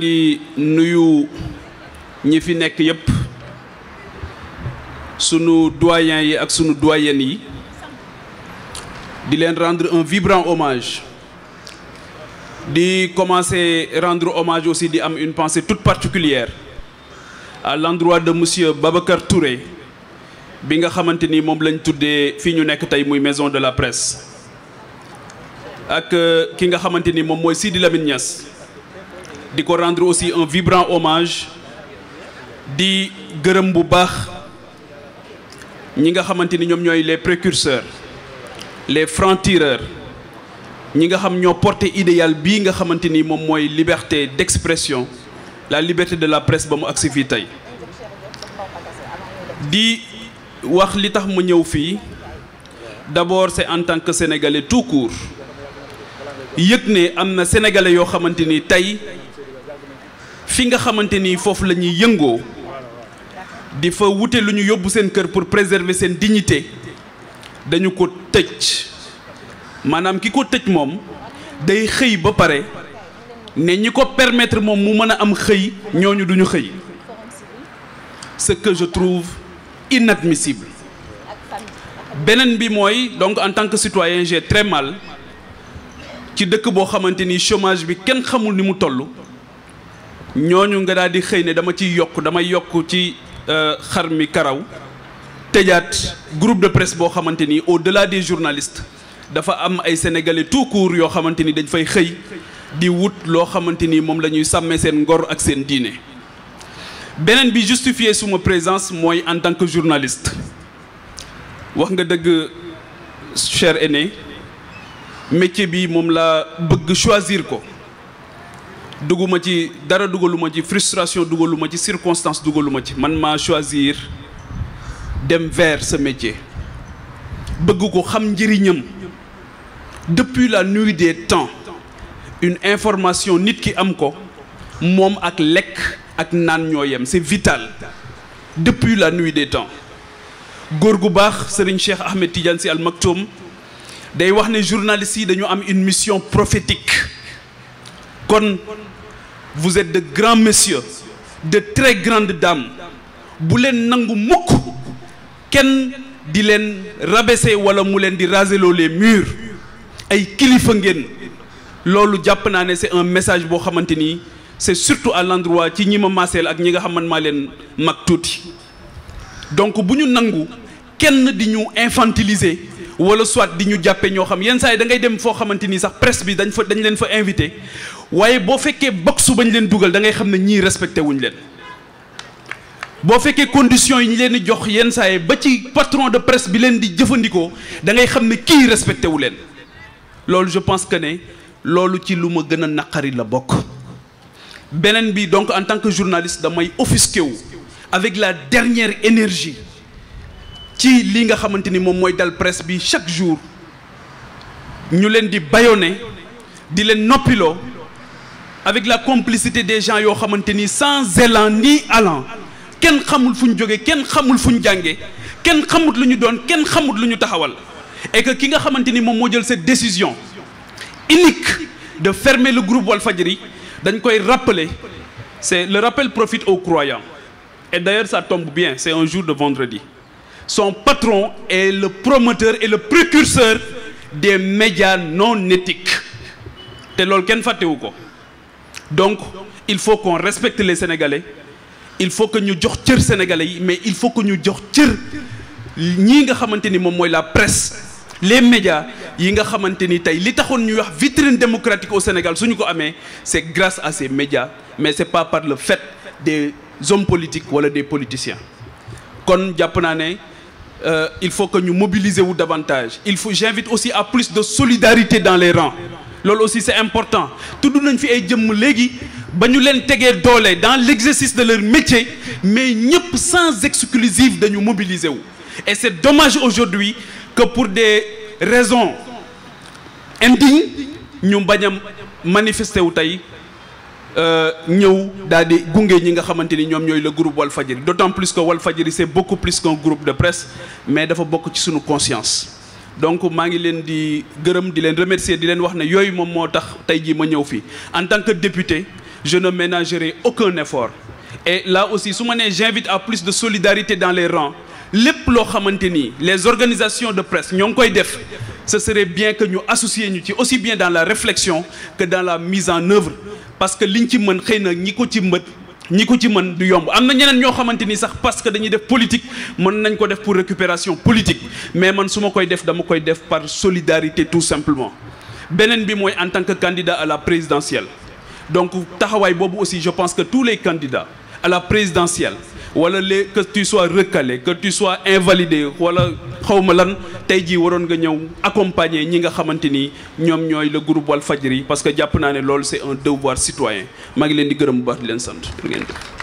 ngi nuyu ñi fi nekk yépp sunu doyen yi ak sunu doyenne yi di leen rendre un vibrant hommage di commencer rendre hommage aussi di am une pensée toute particulière à l'endroit de monsieur kër Touré bi nga xamante ni moom lañ tuddee fii ñu nekk tey muy maison de la presse ak ki nga xamante ni moom mooy Sidi Lamine Niass di ko rendre aussi un vibrant hommage di gërëm bu baax ñi nga xamante ni ñoom ñooy les précurseurs les francs ñi nga xam ñoo porté idéal bii nga xamante ni moom mooy liberté d'expression la liberté de la presse ba mu agsi fii tey di wax li tax ma ñëw fii d'abord c'est en tant que sénégalais tout court yëg ne am na sénégalais yoo xamante ni tey fi nga xamante ni foofu la ñuy yëngoo di fa wute lu ñu yóbbu seen kër pour préserver seen dignité dañu ko tëj maanaam ki ko tëj moom day xëy ba pare ne ñi ko permettre moom mu mën a am xëy ñooñu duñu xëy ce que je trouve inadmissible beneen bi mooy donc en tant que citoyen j'ai très ci dëkk boo xamante ni chômage bi kenn xamul ni mu toll ñooñu nga daal di xëy ne dama ciy yokk damay yokk ci euh, xar mi karaw tëjaat groupe de presse boo xamante ni au-delà des journalistes dafa am ay sénégalais tout court yoo xamante ni dañ fay xëy di wut loo xamante ni moom la ñuy sàmmee seen ngor ak seen diine. beneen bi justifier suma présence mooy en tant que journaliste wax nga dëgg cher aîné métier bi moom la bëgg choisir ko. dugguma ci dara dugaluma ci frustration dugaluma ci circonstance dugaluma ci man maa choisir dem vers ce métier bëgg ko xam njëriñam depuis la nuit des temps une information nit ki am ko moom ak lekk ak naan ñoo yem c'est vital depuis la nuit des temps góor gu baax Serigne Cheikh Ahmed Tidiane Sy Al day wax ne journalistes yi dañu am une mission prophétique kon vous êtes de grands messieurs de très grande dames bu leen nangu mukk kenn di leen rabaisser wala mu leen di raseloo les murs ay kilifa ngeen loolu jàpp naa ne c'est un message boo xamante ni c'est surtout à l'endroit ci ñi ma maaseel ak ñi nga xam man maa leen mag tuuti donc bu ñu nangu kenn di ñu infantiliser wala soit di ñu jàppe ñoo xam yenn saa yi da ngay dem foo xamante ni sax presse bi dañ fa dañ leen fa invité waaye boo fekkee bokk su bañ leen dugal dangay xam ne ñii respecté wuñ leen boo fekkee conditions yi ñu leen di jox yenn saa yi ba ci patron de presse bi leen di jëfandikoo da ngay xam ne kii respecté wu leen loolu je pense que ne loolu ci lu ma gën a naqari la bokk beneen bi donc en tant que journaliste damay offusqué wu avec la dernière énergie ci li nga xamante ni moom mooy dal presse bi chaque jour ñu leen di bâillonné di leen noppiloo avec la complicité des gens yoo xamante ni sans élan ni allant kenn xamul fu ñu jóge kenn xamul fu ñu jàngee kenn xamut lu ñu doon kenn xamut lu ñu taxawal et que ki nga xamante ni moom moo jël cette décision unique de fermer le groupe Walfadjri dañ koy rappeler c'est le rappel profite au croyants et d'ailleurs ça tombe bien c'est un jour de vendredi son patron est le promoteur et le précurseur des médias non éthiques te loolu kenn fàttewu ko donc il faut qu'on respecte les Sénégalais il faut que ñu jox cër Sénégalais yi mais il faut que ñu jox cër ñii nga xamante ni moom mooy la presse les médias yi nga xamante ni tey li taxoon ñuy wax vitrine démocratique au Sénégal suñu ko amee c'est grâce à ces médias mais c'est pas par le fait des hommes politiques wala des politiciens kon jàpp naa ne euh, il faut que ñu mobiliser wu davantage il faut j'invite aussi à plus de solidarité dans les rangs loolu aussi c'est important tudd nañ fi ay jëmm léegi ba ñu leen tegee doole dans l'exercice de leur métier mais ñëpp sans exclusive dañu mobiliser wu et c'est dommage aujourd'hui que pour des raisons indignes ñu bañ a manifester wu tey euh, ñëw daal di gunge ñi nga xamante ni ñoom ñooy le groupe Walfadjri d'autant plus que Walfadjri c'est beaucoup plus qu'un groupe de presse mais dafa bokk ci suñu conscience donc maa ngi leen di gërëm di leen remercier di leen wax ne yooyu moom moo tax tey jii ma ñëw fii en tant que député je ne ménagerai aucun effort et là aussi su ma nee j'invite à plus de solidarité dans les rangs lép loo xamante ni les organisations de presse ñoo ngi koy def ce serait bien que ñu associer ñu ci aussi bien dans la réflexion que dans la mise en œuvre parce que li liñ ci mën xëy na ñi ko ci mbët ñi ko ci mën du yomb am na ñeneen ñoo xamante ni sax parce que dañuy def politique mën nañ ko def pour récupération politique mais man su ma koy def dama koy def par solidarité tout simplement beneen bi mooy en tant que candidat à la présidentielle donc taxawaay boobu aussi je pense que tous les candidats à la présidentielle wala les que tu sois recalé que tu sois invalidé wala xawma lan tey jii waroon nga ñëw accompagner ñi nga xamante ni ñoom ñooy le groupe Walfadjri parce que jàpp naa ne loolu c'est un devoir citoyen maa ngi leen di gërëm bu baax leen sant.